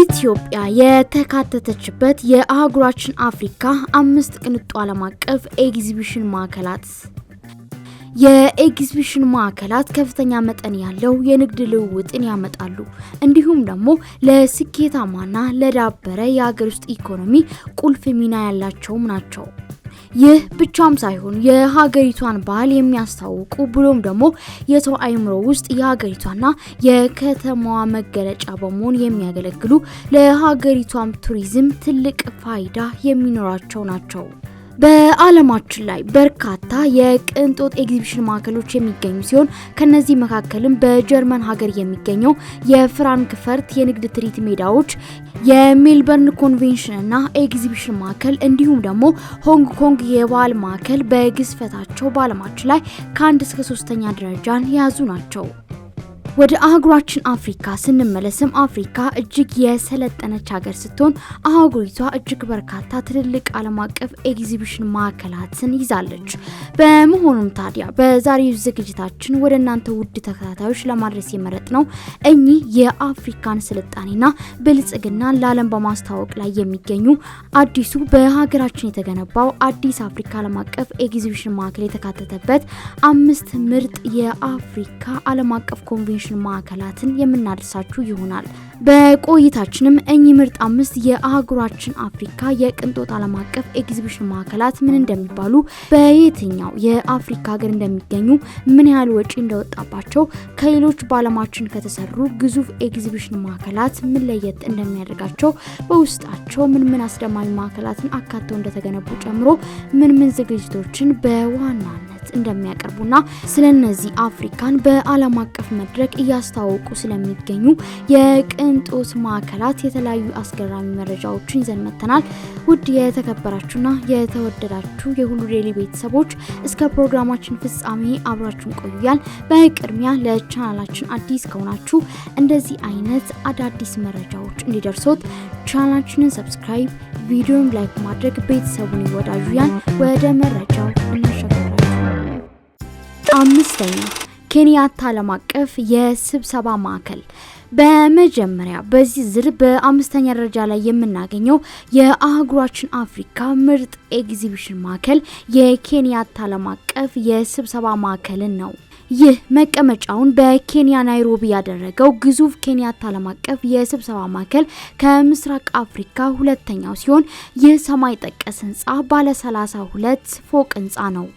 ኢትዮጵያ የተካተተችበት የአህጉራችን አፍሪካ አምስት ቅንጡ ዓለም አቀፍ ኤግዚቢሽን ማዕከላት የኤግዚቢሽን ማዕከላት ከፍተኛ መጠን ያለው የንግድ ልውውጥን ያመጣሉ። እንዲሁም ደግሞ ለስኬታማና ለዳበረ የሀገር ውስጥ ኢኮኖሚ ቁልፍ ሚና ያላቸውም ናቸው። ይህ ብቻም ሳይሆን የሀገሪቷን ባህል የሚያስታውቁ ብሎም ደግሞ የሰው አይምሮ ውስጥ የሀገሪቷና የከተማዋ መገለጫ በመሆን የሚያገለግሉ ለሀገሪቷም ቱሪዝም ትልቅ ፋይዳ የሚኖራቸው ናቸው። በዓለማችን ላይ በርካታ የቅንጦት ኤግዚቢሽን ማዕከሎች የሚገኙ ሲሆን ከነዚህ መካከልም በጀርመን ሀገር የሚገኘው የፍራንክፈርት የንግድ ትርኢት ሜዳዎች፣ የሜልበርን ኮንቬንሽን እና ኤግዚቢሽን ማዕከል እንዲሁም ደግሞ ሆንግ ኮንግ የባህል ማዕከል በግዝፈታቸው በዓለማችን ላይ ከአንድ እስከ ሶስተኛ ደረጃን የያዙ ናቸው። ወደ አህጉራችን አፍሪካ ስንመለስም አፍሪካ እጅግ የሰለጠነች ሀገር ስትሆን አህጉሪቷ እጅግ በርካታ ትልልቅ ዓለም አቀፍ ኤግዚቢሽን ማዕከላትን ይዛለች። በመሆኑም ታዲያ በዛሬው ዝግጅታችን ወደ እናንተ ውድ ተከታታዮች ለማድረስ የመረጥ ነው እኚህ የአፍሪካን ስልጣኔና ብልጽግና ለዓለም በማስተዋወቅ ላይ የሚገኙ አዲሱ በሀገራችን የተገነባው አዲስ አፍሪካ ዓለም አቀፍ ኤግዚቢሽን ማዕከል የተካተተበት አምስት ምርጥ የአፍሪካ ዓለም አቀፍ ኮንቬንሽን ኢንፎርሜሽን ማዕከላትን የምናደርሳችሁ ይሆናል። በቆይታችንም እኚህ ምርጥ አምስት የአህጉራችን አፍሪካ የቅንጦት ዓለም አቀፍ ኤግዚቢሽን ማዕከላት ምን እንደሚባሉ፣ በየትኛው የአፍሪካ ሀገር እንደሚገኙ፣ ምን ያህል ወጪ እንደወጣባቸው፣ ከሌሎች በዓለማችን ከተሰሩ ግዙፍ ኤግዚቢሽን ማዕከላት ምን ለየት እንደሚያደርጋቸው፣ በውስጣቸው ምን ምን አስደማሚ ማዕከላትን አካተው እንደተገነቡ ጨምሮ ምን ምን ዝግጅቶችን በዋናነት ሪፖርት እንደሚያቀርቡና ስለነዚህ አፍሪካን በዓለም አቀፍ መድረክ እያስተዋወቁ ስለሚገኙ የቅንጦት ማዕከላት የተለያዩ አስገራሚ መረጃዎችን ይዘን መጥተናል። ውድ የተከበራችሁና የተወደዳችሁ የሁሉ ዴይሊ ቤተሰቦች እስከ ፕሮግራማችን ፍጻሜ አብራችሁን ቆዩያል። በቅድሚያ ለቻናላችን አዲስ ከሆናችሁ እንደዚህ አይነት አዳዲስ መረጃዎች እንዲደርሶት ቻናላችንን ሰብስክራይብ፣ ቪዲዮን ላይክ ማድረግ ቤተሰቡን ይወዳጁያል ወደ መረጃው አምስተኛ ኬንያታ ዓለም አቀፍ የስብሰባ ማዕከል በመጀመሪያ በዚህ ዝር በአምስተኛ ደረጃ ላይ የምናገኘው የአህጉራችን አፍሪካ ምርጥ ኤግዚቢሽን ማዕከል የኬንያታ ዓለም አቀፍ የስብሰባ ማዕከልን ነው። ይህ መቀመጫውን በኬንያ ናይሮቢ ያደረገው ግዙፍ ኬንያታ ዓለም አቀፍ የስብሰባ ማዕከል ከምስራቅ አፍሪካ ሁለተኛው ሲሆን ይህ ሰማይ ጠቀስ ህንፃ ባለ 32 ፎቅ ህንፃ ነው።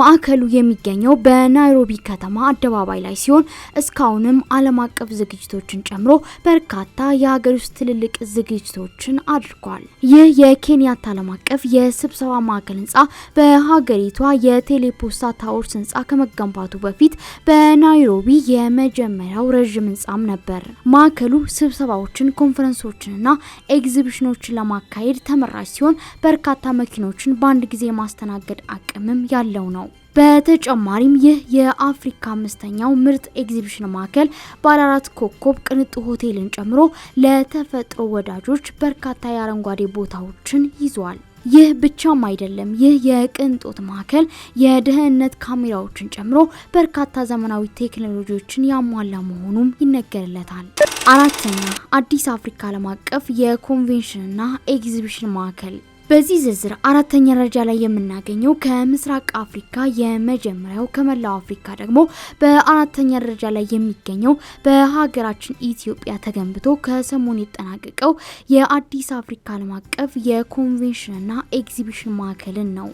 ማዕከሉ የሚገኘው በናይሮቢ ከተማ አደባባይ ላይ ሲሆን እስካሁንም ዓለም አቀፍ ዝግጅቶችን ጨምሮ በርካታ የሀገር ውስጥ ትልልቅ ዝግጅቶችን አድርጓል። ይህ የኬንያታ ዓለም አቀፍ የስብሰባ ማዕከል ህንፃ በሀገሪቷ የቴሌፖስታ ታወርስ ህንፃ ከመገንባቱ በፊት በናይሮቢ የመጀመሪያው ረዥም ህንፃም ነበር። ማዕከሉ ስብሰባዎችን፣ ኮንፈረንሶችንና ኤግዚቢሽኖችን ለማካሄድ ተመራጭ ሲሆን በርካታ መኪኖችን በአንድ ጊዜ የማስተናገድ አቅምም ያለው ነው። በተጨማሪም ይህ የአፍሪካ አምስተኛው ምርጥ ኤግዚቢሽን ማዕከል ባለ አራት ኮከብ ቅንጡ ሆቴልን ጨምሮ ለተፈጥሮ ወዳጆች በርካታ የአረንጓዴ ቦታዎችን ይዟል። ይህ ብቻም አይደለም። ይህ የቅንጦት ማዕከል የደህንነት ካሜራዎችን ጨምሮ በርካታ ዘመናዊ ቴክኖሎጂዎችን ያሟላ መሆኑም ይነገርለታል። አራተኛ አዲስ አፍሪካ ዓለም አቀፍ የኮንቬንሽንና ኤግዚቢሽን ማዕከል በዚህ ዝርዝር አራተኛ ደረጃ ላይ የምናገኘው ከምስራቅ አፍሪካ የመጀመሪያው ከመላው አፍሪካ ደግሞ በአራተኛ ደረጃ ላይ የሚገኘው በሀገራችን ኢትዮጵያ ተገንብቶ ከሰሞን የተጠናቀቀው የአዲስ አፍሪካ ዓለም አቀፍ የኮንቬንሽንና ኤግዚቢሽን ማዕከልን ነው።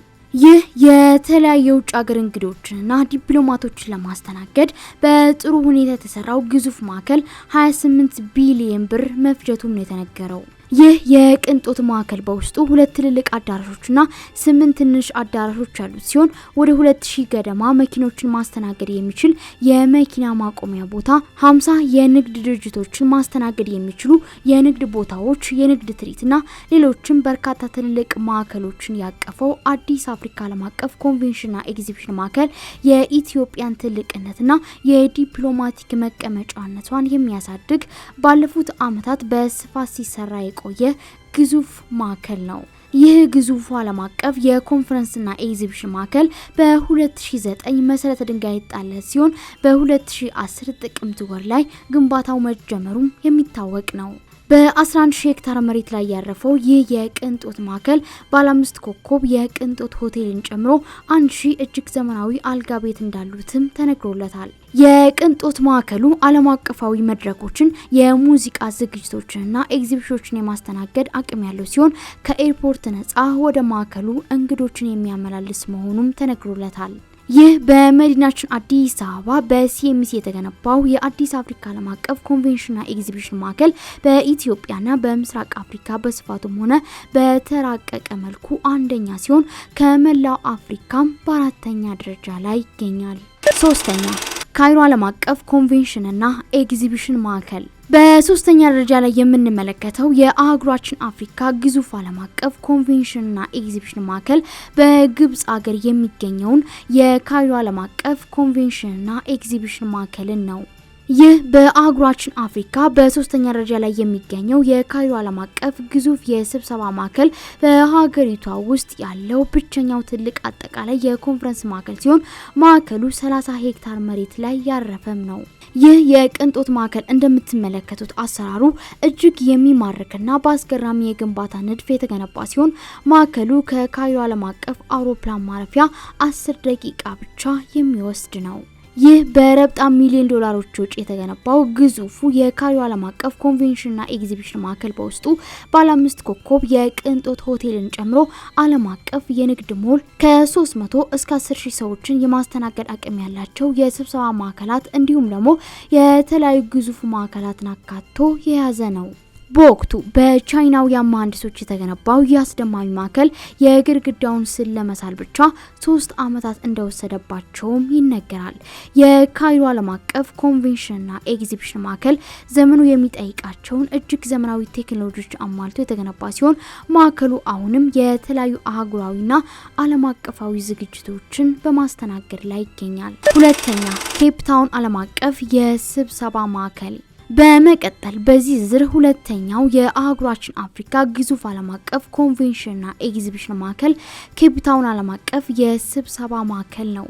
ይህ የተለያዩ የውጭ ሀገር እንግዶችንና ዲፕሎማቶችን ለማስተናገድ በጥሩ ሁኔታ የተሰራው ግዙፍ ማዕከል 28 ቢሊየን ብር መፍጀቱም ነው የተነገረው። ይህ የቅንጦት ማዕከል በውስጡ ሁለት ትልልቅ አዳራሾችና ስምንት ትንሽ አዳራሾች ያሉት ሲሆን ወደ ሁለት ሺህ ገደማ መኪኖችን ማስተናገድ የሚችል የመኪና ማቆሚያ ቦታ፣ ሀምሳ የንግድ ድርጅቶችን ማስተናገድ የሚችሉ የንግድ ቦታዎች፣ የንግድ ትርኢትና ሌሎችም በርካታ ትልልቅ ማዕከሎችን ያቀፈው አዲስ አፍሪካ ዓለም አቀፍ ኮንቬንሽንና ኤግዚቢሽን ማዕከል የኢትዮጵያን ትልቅነትና የዲፕሎማቲክ መቀመጫነቷን የሚያሳድግ ባለፉት ዓመታት በስፋት ሲሰራ የቆየ ግዙፍ ማዕከል ነው። ይህ ግዙፍ ዓለም አቀፍ የኮንፈረንስና ኤግዚቢሽን ማዕከል በ2009 መሰረተ ድንጋይ የጣለ ሲሆን በ2010 ጥቅምት ወር ላይ ግንባታው መጀመሩም የሚታወቅ ነው። በ11 ሺህ ሄክታር መሬት ላይ ያረፈው ይህ የቅንጦት ማዕከል ባለአምስት ኮከብ የቅንጦት ሆቴልን ጨምሮ አንድ ሺህ እጅግ ዘመናዊ አልጋ ቤት እንዳሉትም ተነግሮለታል። የቅንጦት ማዕከሉ ዓለም አቀፋዊ መድረኮችን የሙዚቃ ዝግጅቶችንና ኤግዚቢሽኖችን የማስተናገድ አቅም ያለው ሲሆን ከኤርፖርት ነጻ ወደ ማዕከሉ እንግዶችን የሚያመላልስ መሆኑም ተነግሮለታል። ይህ በመዲናችን አዲስ አበባ በሲኤምሲ የተገነባው የአዲስ አፍሪካ ዓለም አቀፍ ኮንቬንሽንና ኤግዚቢሽን ማዕከል በኢትዮጵያና በምስራቅ አፍሪካ በስፋቱም ሆነ በተራቀቀ መልኩ አንደኛ ሲሆን ከመላው አፍሪካም በአራተኛ ደረጃ ላይ ይገኛል። ሶስተኛ ካይሮ ዓለም አቀፍ ኮንቬንሽንና ኤግዚቢሽን ማዕከል በሶስተኛ ደረጃ ላይ የምንመለከተው የአህጉራችን አፍሪካ ግዙፍ ዓለም አቀፍ ኮንቬንሽንና ኤግዚቢሽን ማዕከል በግብጽ ሀገር የሚገኘውን የካይሮ ዓለም አቀፍ ኮንቬንሽንና ኤግዚቢሽን ማዕከልን ነው። ይህ በአህጉራችን አፍሪካ በሶስተኛ ደረጃ ላይ የሚገኘው የካይሮ ዓለም አቀፍ ግዙፍ የስብሰባ ማዕከል በሀገሪቷ ውስጥ ያለው ብቸኛው ትልቅ አጠቃላይ የኮንፈረንስ ማዕከል ሲሆን ማዕከሉ 30 ሄክታር መሬት ላይ ያረፈም ነው። ይህ የቅንጦት ማዕከል እንደምትመለከቱት አሰራሩ እጅግ የሚማርክና በአስገራሚ የግንባታ ንድፍ የተገነባ ሲሆን ማዕከሉ ከካይሮ ዓለም አቀፍ አውሮፕላን ማረፊያ 10 ደቂቃ ብቻ የሚወስድ ነው። ይህ በረብጣ ሚሊዮን ዶላሮች ወጪ የተገነባው ግዙፉ የካይሮ ዓለም አቀፍ ኮንቬንሽንና ኤግዚቢሽን ማዕከል በውስጡ ባለ አምስት ኮከብ የቅንጦት ሆቴልን ጨምሮ ዓለም አቀፍ የንግድ ሞል፣ ከ300 እስከ 10 ሺህ ሰዎችን የማስተናገድ አቅም ያላቸው የስብሰባ ማዕከላት እንዲሁም ደግሞ የተለያዩ ግዙፍ ማዕከላትን አካቶ የያዘ ነው። በወቅቱ በቻይናውያን መሀንዲሶች የተገነባው የአስደማሚ ማዕከል የግድግዳውን ስል ለመሳል ብቻ ሶስት ዓመታት እንደወሰደባቸውም ይነገራል። የካይሮ ዓለም አቀፍ ኮንቬንሽንና ኤግዚቢሽን ማዕከል ዘመኑ የሚጠይቃቸውን እጅግ ዘመናዊ ቴክኖሎጂዎች አሟልቶ የተገነባ ሲሆን ማዕከሉ አሁንም የተለያዩ አህጉራዊና ዓለም አቀፋዊ ዝግጅቶችን በማስተናገድ ላይ ይገኛል። ሁለተኛ ኬፕታውን ዓለም አቀፍ የስብሰባ ማዕከል በመቀጠል በዚህ ዝር ሁለተኛው የአህጉራችን አፍሪካ ግዙፍ ዓለም አቀፍ ኮንቬንሽንና ኤግዚቢሽን ማዕከል ኬፕታውን ዓለም አቀፍ የስብሰባ ማዕከል ነው።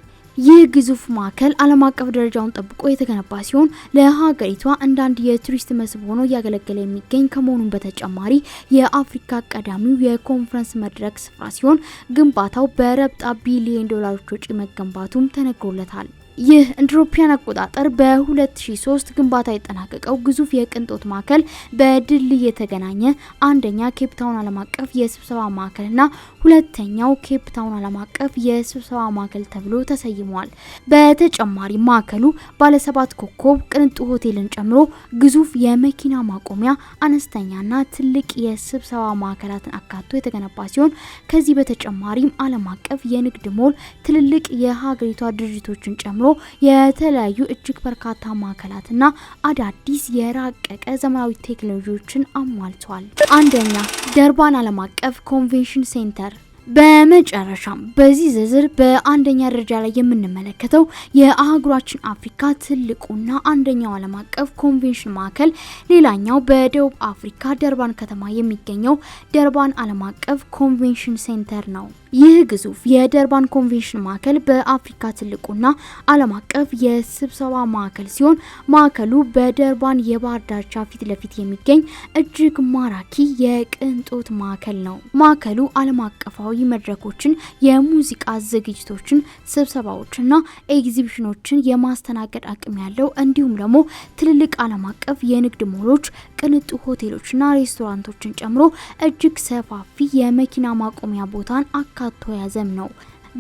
ይህ ግዙፍ ማዕከል ዓለም አቀፍ ደረጃውን ጠብቆ የተገነባ ሲሆን ለሀገሪቷ እንዳንድ የቱሪስት መስህብ ሆኖ እያገለገለ የሚገኝ ከመሆኑን በተጨማሪ የአፍሪካ ቀዳሚው የኮንፈረንስ መድረክ ስፍራ ሲሆን ግንባታው በረብጣ ቢሊዮን ዶላሮች ወጪ መገንባቱም ተነግሮለታል። ይህ እንደ አውሮፓውያን አቆጣጠር በ2003 ግንባታ የጠናቀቀው ግዙፍ የቅንጦት ማዕከል በድልድይ የተገናኘ አንደኛ ኬፕታውን ዓለም አቀፍ የስብሰባ ማዕከልና ሁለተኛው ኬፕታውን ዓለም አቀፍ የስብሰባ ማዕከል ተብሎ ተሰይሟል። በተጨማሪ ማዕከሉ ባለሰባት ኮከብ ቅንጡ ሆቴልን ጨምሮ ግዙፍ የመኪና ማቆሚያ፣ አነስተኛና ትልቅ የስብሰባ ማዕከላትን አካቶ የተገነባ ሲሆን ከዚህ በተጨማሪም ዓለም አቀፍ የንግድ ሞል፣ ትልልቅ የሀገሪቷ ድርጅቶችን ጨምሮ የተለያዩ እጅግ በርካታ ማዕከላትና አዳዲስ የራቀቀ ዘመናዊ ቴክኖሎጂዎችን አሟልቷል። አንደኛ ደርባን ዓለም አቀፍ ኮንቬንሽን ሴንተር በመጨረሻም በዚህ ዝርዝር በአንደኛ ደረጃ ላይ የምንመለከተው የአህጉራችን አፍሪካ ትልቁና አንደኛው ዓለም አቀፍ ኮንቬንሽን ማዕከል፣ ሌላኛው በደቡብ አፍሪካ ደርባን ከተማ የሚገኘው ደርባን ዓለም አቀፍ ኮንቬንሽን ሴንተር ነው። ይህ ግዙፍ የደርባን ኮንቬንሽን ማዕከል በአፍሪካ ትልቁና ዓለም አቀፍ የስብሰባ ማዕከል ሲሆን ማዕከሉ በደርባን የባህር ዳርቻ ፊት ለፊት የሚገኝ እጅግ ማራኪ የቅንጦት ማዕከል ነው። ማዕከሉ ዓለም አቀፋዊ መድረኮችን፣ የሙዚቃ ዝግጅቶችን፣ ስብሰባዎችና ኤግዚቢሽኖችን የማስተናገድ አቅም ያለው እንዲሁም ደግሞ ትልልቅ ዓለም አቀፍ የንግድ ሞሎች፣ ቅንጡ ሆቴሎችና ሬስቶራንቶችን ጨምሮ እጅግ ሰፋፊ የመኪና ማቆሚያ ቦታን አካቶ ያዘም ነው።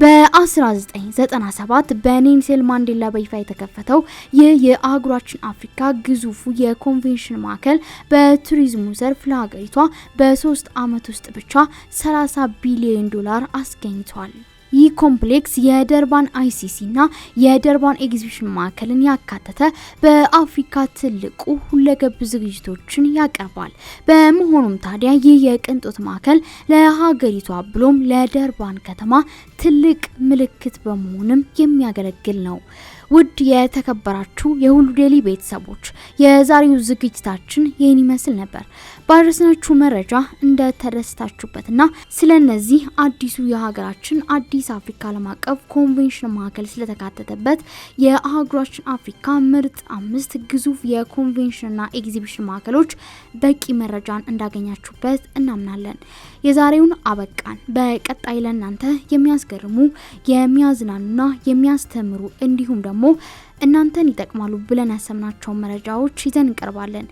በ1997 በኔልሰን ማንዴላ በይፋ የተከፈተው ይህ የአህጉራችን አፍሪካ ግዙፉ የኮንቬንሽን ማዕከል በቱሪዝሙ ዘርፍ ለሀገሪቷ በሶስት ዓመት ውስጥ ብቻ 30 ቢሊዮን ዶላር አስገኝቷል። ይህ ኮምፕሌክስ የደርባን አይሲሲ ና የደርባን ኤግዚቢሽን ማዕከልን ያካተተ በአፍሪካ ትልቁ ሁለገብ ዝግጅቶችን ያቀርባል። በመሆኑም ታዲያ ይህ የቅንጦት ማዕከል ለሀገሪቷ ብሎም ለደርባን ከተማ ትልቅ ምልክት በመሆንም የሚያገለግል ነው። ውድ የተከበራችሁ የሁሉ ዴይሊ ቤተሰቦች የዛሬው ዝግጅታችን ይህን ይመስል ነበር። ባደረስናችሁ መረጃ እንደተደሰታችሁበትና ስለነዚህ አዲሱ የሀገራችን አዲስ አፍሪካ ዓለም አቀፍ ኮንቬንሽን ማዕከል ስለተካተተበት የአህጉራችን አፍሪካ ምርጥ አምስት ግዙፍ የኮንቬንሽንና ኤግዚቢሽን ማዕከሎች በቂ መረጃን እንዳገኛችሁበት እናምናለን። የዛሬውን አበቃን። በቀጣይ ለእናንተ የሚያስገርሙ የሚያዝናኑና የሚያስተምሩ እንዲሁም ደግሞ ደግሞ እናንተን ይጠቅማሉ ብለን ያሰብናቸውን መረጃዎች ይዘን እንቀርባለን።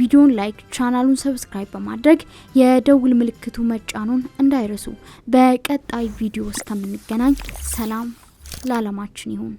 ቪዲዮን ላይክ፣ ቻናሉን ሰብስክራይብ በማድረግ የደውል ምልክቱ መጫኑን እንዳይረሱ። በቀጣይ ቪዲዮ እስከምንገናኝ ሰላም ለዓለማችን ይሁን።